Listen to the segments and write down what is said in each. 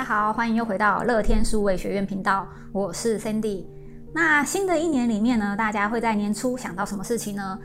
大家好，歡迎又回到樂天數位學院頻道，我是 Cindy。那新的一年裡面呢，大家會在年初想到什麼事情呢？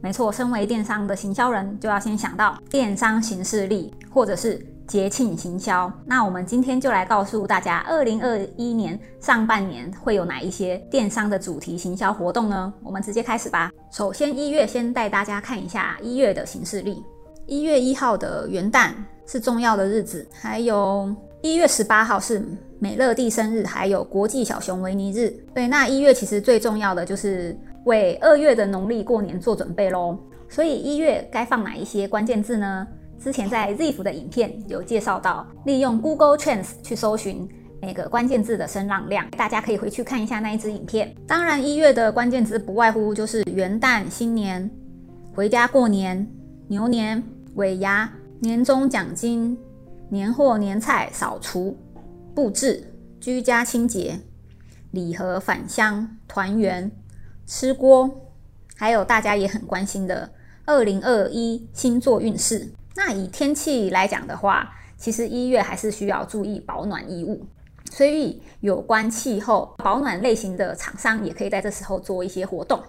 沒錯，身為電商的行銷人，就要先想到電商行事曆或者是節慶行銷。那我們今天就來告訴大家，二零二一年上半年會有哪一些電商的主題行銷活動呢？我們直接開始吧。首先一月，先帶大家看一下一月的行事曆。一月一號的元旦是重要的日子，還有，一月十八號是美樂蒂生日，還有國際小熊維尼日。對，那一月其實最重要的就是為二月的農曆過年做準備咯。所以一月該放哪一些關鍵字呢？之前在 Ziff 的影片有介紹到，利用 Google Trends 去搜尋每個關鍵字的聲浪量，大家可以回去看一下那一支影片。當然，一月的關鍵字不外乎就是元旦、新年、回家過年、牛年、尾牙、年終獎金。年貨、年菜、掃除、布置、居家清潔、禮盒、返鄉、團圓、吃鍋，還有大家也很關心的二零二一星座運勢。那以天氣來講的話，其實一月還是需要注意保暖衣物，所以有關氣候保暖類型的廠商也可以在這時候做一些活動。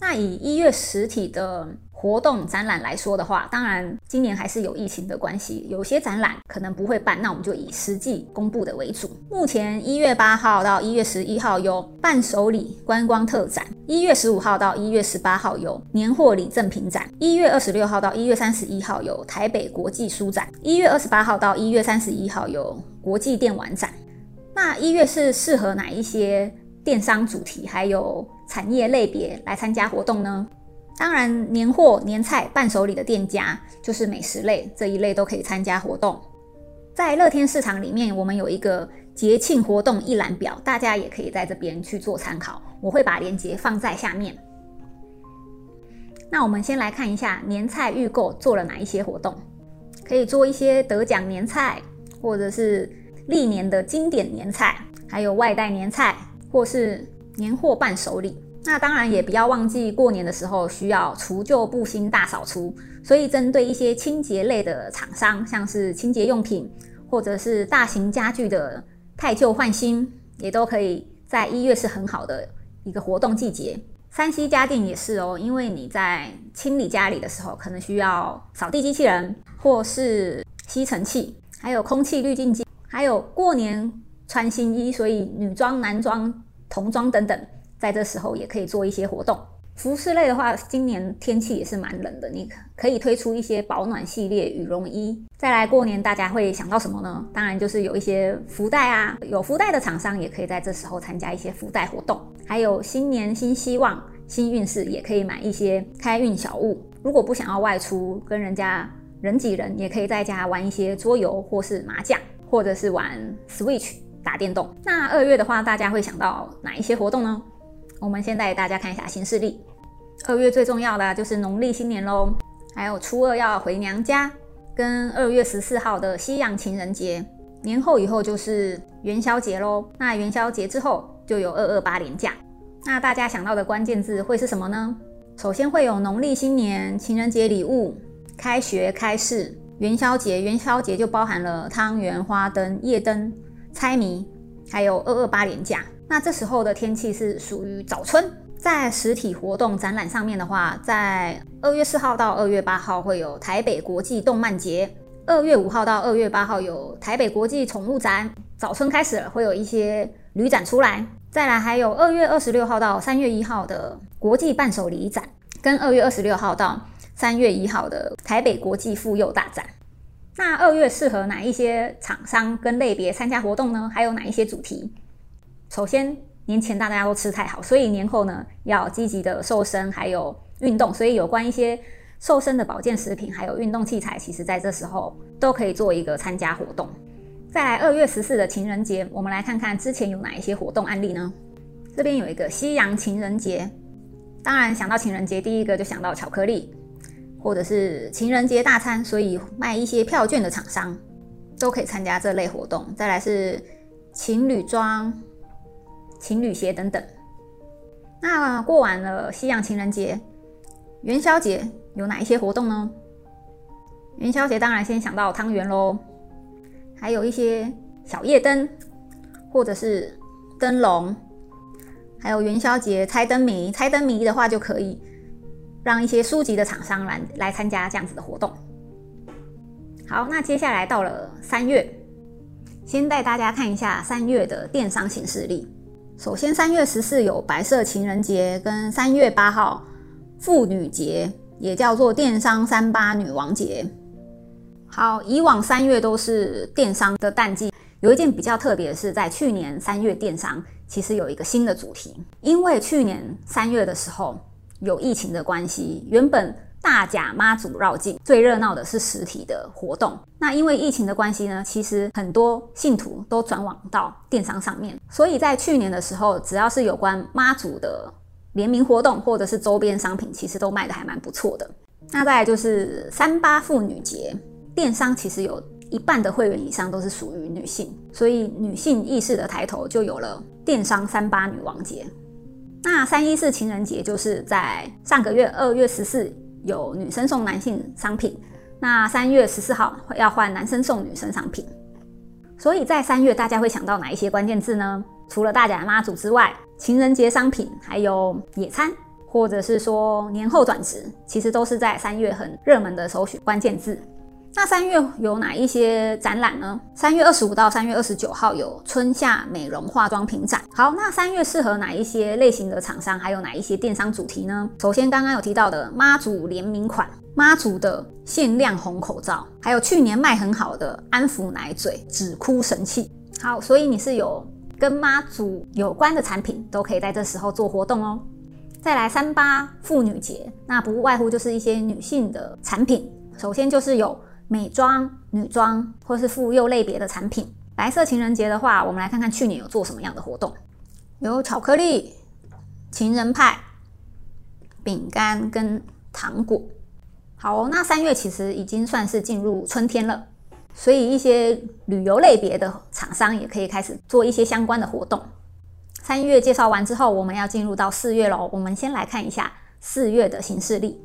那以一月實體的活動展覽來說的話，當然今年還是有疫情的關係，有些展覽可能不會辦。那我們就以實際公布的為主。目前一月八號到一月十一號有伴手禮觀光特展，一月十五號到一月十八號有年貨禮贈品展，一月二十六號到一月三十一號有台北國際書展，一月二十八號到一月三十一號有國際電玩展。那一月是適合哪一些電商主題還有產業類別來參加活動呢？當然，年貨、年菜、伴手禮的店家就是美食類這一類都可以參加活動。在樂天市場裡面，我們有一個節慶活動一覽表，大家也可以在這邊去做參考。我會把鏈接放在下面。那我們先來看一下年菜預購做了哪一些活動，可以做一些得獎年菜，或者是歷年的經典年菜，還有外帶年菜。或是年貨伴手禮，那當然也不要忘記過年的時候需要除舊布新大掃除，所以針對一些清潔類的廠商，像是清潔用品或者是大型家具的汰舊換新，也都可以在一月是很好的一個活動季節。3C 家電也是哦，因為你在清理家裡的時候，可能需要掃地機器人，或是吸塵器，還有空氣濾淨機，還有過年，穿新衣，所以女裝、男裝、童裝等等，在這時候也可以做一些活動。服飾類的話，今年天氣也是蠻冷的，你可以推出一些保暖系列羽絨衣。再來過年，大家會想到什麼呢？當然就是有一些福袋啊，有福袋的廠商也可以在這時候參加一些福袋活動。還有新年新希望，新運勢也可以買一些開運小物。如果不想要外出跟人家人擠人，也可以在家玩一些桌遊或是麻將，或者是玩 Switch。打電動。那二月的話，大家會想到哪一些活動呢？我們先帶大家看一下行事曆。二月最重要的就是農曆新年嘍，還有初二要回娘家，跟二月十四號的西洋情人節。年後以後就是元宵節嘍。那元宵節之後就有二二八連假。那大家想到的關鍵字會是什麼呢？首先會有農曆新年、情人節禮物、開學開市、元宵節。元宵節就包含了湯圓、花燈、夜燈。猜謎，還有二二八連假。那這時候的天氣是屬於早春，在實體活動展覽上面的話，在二月四號到二月八號會有台北國際動漫節，二月五號到二月八號有台北國際寵物展。早春開始了，會有一些旅展出來。再來還有二月二十六號到三月一號的國際伴手禮展，跟二月二十六號到三月一號的台北國際婦幼大展。那二月適合哪一些廠商跟類別參加活動呢？還有哪一些主題？首先，年前大家都吃太好，所以年後呢，要積極的瘦身，還有運動，所以有關一些瘦身的保健食品，還有運動器材，其實在這時候都可以做一個參加活動。再來，二月十四的情人節，我們來看看之前有哪一些活動案例呢？這邊有一個西洋情人節，當然想到情人節，第一個就想到巧克力。或者是情人節大餐，所以賣一些票券的廠商都可以參加這類活動。再來是情侶裝、情侶鞋等等。那過完了西洋情人節，元宵節有哪一些活動呢？元宵節當然先想到湯圓嘍，還有一些小夜燈，或者是燈籠，還有元宵節猜燈謎，猜燈謎的話就可以。讓一些書籍的廠商來來參加這樣子的活動。好，那接下來到了三月，先帶大家看一下三月的電商行事曆。首先，三月十四有白色情人節，跟三月八號婦女節，也叫做電商三八女王節。好，以往三月都是電商的淡季，有一件比較特別的是，在去年三月電商其實有一個新的主題，因為去年三月的時候。有疫情的關係，原本大甲媽祖繞境最熱鬧的是實體的活動，那因為疫情的關係呢，其實很多信徒都轉往到電商上面，所以在去年的時候，只要是有關媽祖的聯名活動或者是周邊商品，其實都賣得還蠻不錯的。那再來就是三八婦女節，電商其實有一半的會員以上都是屬於女性，所以女性意識的抬頭就有了電商三八女王節。那三一四情人節就是在上個月二月十四，有女生送男性商品，那三月十四號要換男生送女生商品，所以在三月大家會想到哪一些關鍵字呢？除了大甲媽祖之外，情人節商品，還有野餐，或者是說年後轉職，其實都是在三月很熱門的首選關鍵字。那三月有哪一些展覽呢？三月二十五到三月二十九號有春夏美容化妝品展。好，那三月適合哪一些類型的廠商，還有哪一些電商主題呢？首先，剛剛有提到的媽祖聯名款，媽祖的限量紅口罩，還有去年賣很好的安撫奶嘴、止哭神器。好，所以你是有跟媽祖有關的產品，都可以在這時候做活動哦。再來三八婦女節，那不外乎就是一些女性的產品，首先就是有。美妝、女裝或是婦幼類別的產品，白色情人節的話，我們來看看去年有做什麼樣的活動，有巧克力、情人派、餅乾跟糖果。好，那三月其實已經算是進入春天了，所以一些旅遊類別的廠商也可以開始做一些相關的活動。三月介紹完之後，我們要進入到四月咯，我們先來看一下四月的行事曆。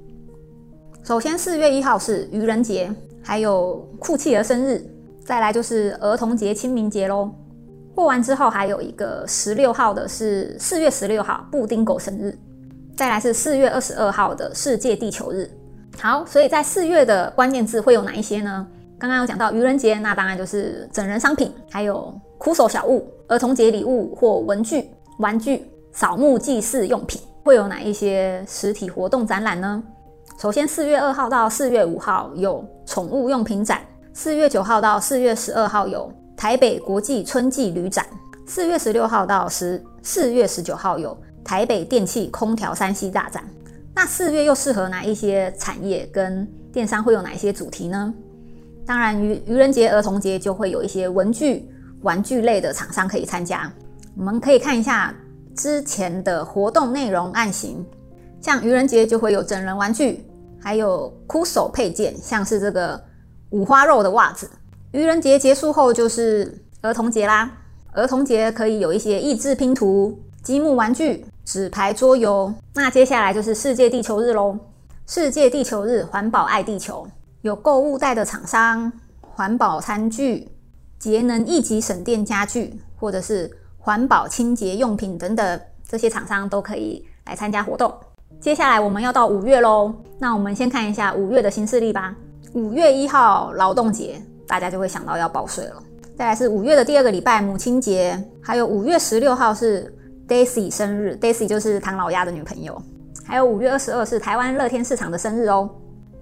首先，四月一號是愚人節，還有酷企鵝生日，再來就是兒童節、清明節嘍。過完之後，還有一個十六號的是四月十六號布丁狗生日，再來是四月二十二號的世界地球日。好，所以在四月的關鍵字會有哪一些呢？剛剛有講到愚人節，那當然就是整人商品，還有苦手小物、兒童節禮物或文具、玩具、掃墓祭祀用品，會有哪一些實體活動展覽呢？首先，四月二號到四月五號有寵物用品展；四月九號到四月十二號有臺北國際春季旅展；四月十六號到十四月十九號有臺北電器空調 3C 大展。那四月又適合哪一些產業跟電商會有哪一些主題呢？當然，愚愚人節、兒童節就會有一些文具、玩具類的廠商可以參加。我們可以看一下之前的活動內容案型，像愚人節就會有整人玩具。還有 Kuso 配件，像是這個五花肉的襪子。愚人節結束後就是兒童節啦，兒童節可以有一些益智拼圖、積木玩具、紙牌桌遊。那接下來就是世界地球日嘍，世界地球日環保愛地球，有購物袋的廠商、環保餐具、節能一級省電家具，或者是環保清潔用品等等，這些廠商都可以來參加活動。接下來我們要到五月嘍，那我們先看一下五月的行事曆吧。五月一號勞動節，大家就會想到要報稅了。再來是五月的第二個禮拜母親節，還有五月十六號是 Daisy 生日，Daisy 就是唐老鴨的女朋友。還有五月二十二是台灣樂天市場的生日哦。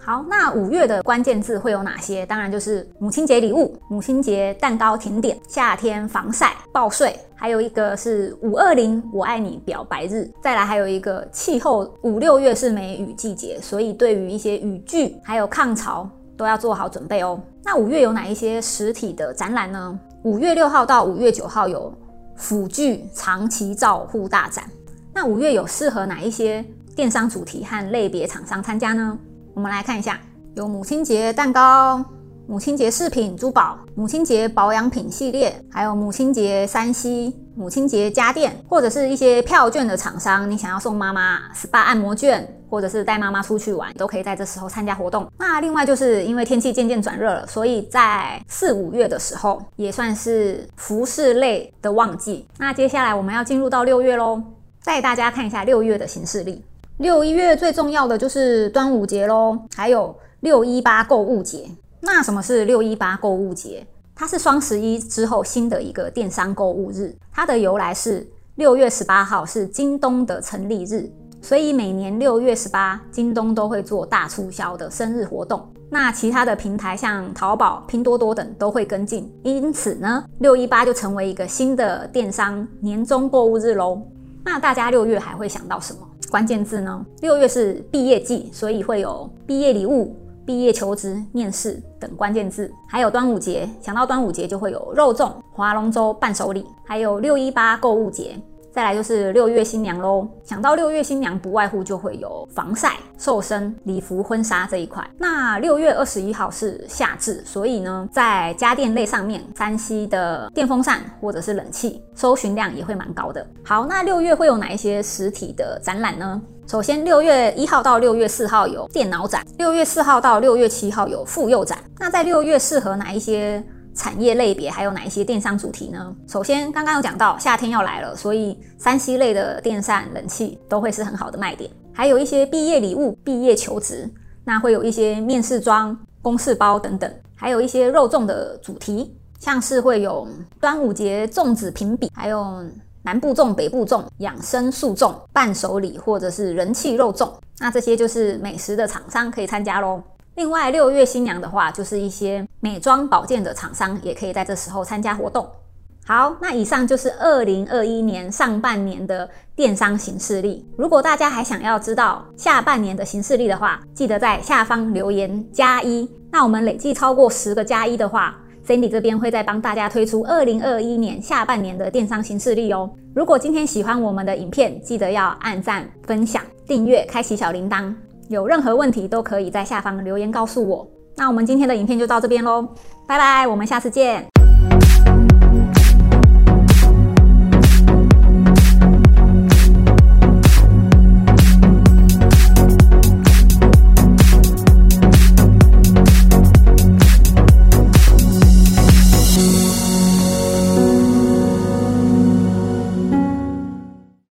好，那五月的關鍵字會有哪些？當然就是母親節禮物、母親節蛋糕甜點、夏天防曬、報稅，還有一個是五二零我愛你表白日。再來還有一個氣候，五六月是梅雨季節，所以對於一些雨具還有抗潮都要做好準備哦。那五月有哪一些實體的展覽呢？五月六號到五月九號有輔具長期照護大展。那五月有適合哪一些電商主題和類別廠商參加呢？我們來看一下，有母親節蛋糕、母親節飾品、珠寶、母親節保養品系列，還有母親節 3C、母親節家電，或者是一些票券的廠商。你想要送媽媽 SPA 按摩券，或者是帶媽媽出去玩，都可以在這時候參加活動。那另外就是因為天氣漸漸轉熱了，所以在四五月的時候也算是服飾類的旺季。那接下來我們要進入到六月嘍，帶大家看一下六月的行事曆。六一月最重要的就是端午節嘍，還有六一八購物節。那什麼是六一八購物節？它是雙十一之後新的一個電商購物日。它的由來是六月十八號是京東的成立日，所以每年六月十八，京東都會做大促銷的生日活動。那其他的平台像淘寶、拼多多等都會跟進。因此呢，六一八就成為一個新的電商年終購物日嘍。那大家六月還會想到什麼？關鍵字呢？六月是畢業季，所以會有畢業禮物、畢業求職、面試等關鍵字。還有端午節，想到端午節就會有肉粽、划龍舟、伴手禮，還有六一八購物節。再來就是六月新娘嘍，想到六月新娘，不外乎就會有防曬、瘦身、禮服、婚紗這一塊。那六月二十一號是夏至，所以呢，在家電類上面，3C 的電風扇或者是冷氣搜尋量也會蠻高的。好，那六月會有哪一些實體的展覽呢？首先，六月一號到六月四號有電腦展，六月四號到六月七號有婦幼展。那在六月適合哪一些？產業類別還有哪一些電商主題呢？首先，剛剛有講到夏天要來了，所以 3C 類的電扇、冷氣都會是很好的賣點。還有一些畢業禮物、畢業求職，那會有一些面試裝、公事包等等。還有一些肉粽的主題，像是會有端午節粽子評比，還有南部粽、北部粽、養生素粽、伴手禮或者是人氣肉粽。那這些就是美食的廠商可以參加嘍。另外，六月新娘的話，就是一些美妝保健的廠商也可以在這時候參加活動。好，那以上就是二零二一年上半年的電商行事曆。如果大家還想要知道下半年的行事曆的話，記得在下方留言加一。那我們累計超過十個加一的話，Cindy 這邊會再幫大家推出二零二一年下半年的電商行事曆哦。如果今天喜歡我們的影片，記得要按讚、分享、訂閱、開啟小鈴鐺。有任何問題都可以在下方留言告訴我。那我們今天的影片就到這邊嘍，拜拜，我們下次見。